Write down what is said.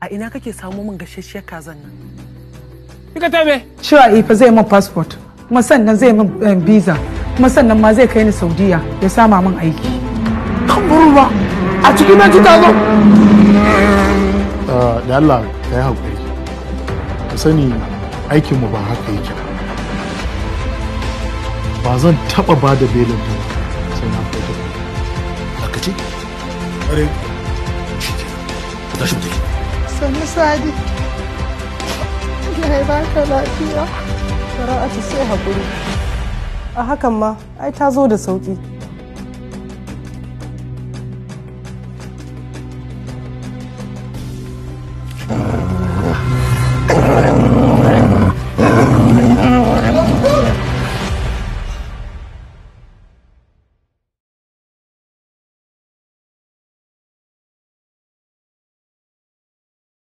a ina kake samu min gashashshiyar kazan nan kika tabe cewa ifa eh, zai min passport kuma sannan zai min eh, visa kuma sannan ma zai kai ni saudiya ya sama min aiki ba, a cikin nan ji tazo ah, da Allah ka yi hakuri ka sani aikinmu ba haka yake ba zan taba ba da belin sai na fito ka ce? Are, shi ke, tashi sannu sadi ya baka lafiya fara'atu sai haƙuri a hakan ma ai ta zo da sauƙi ah.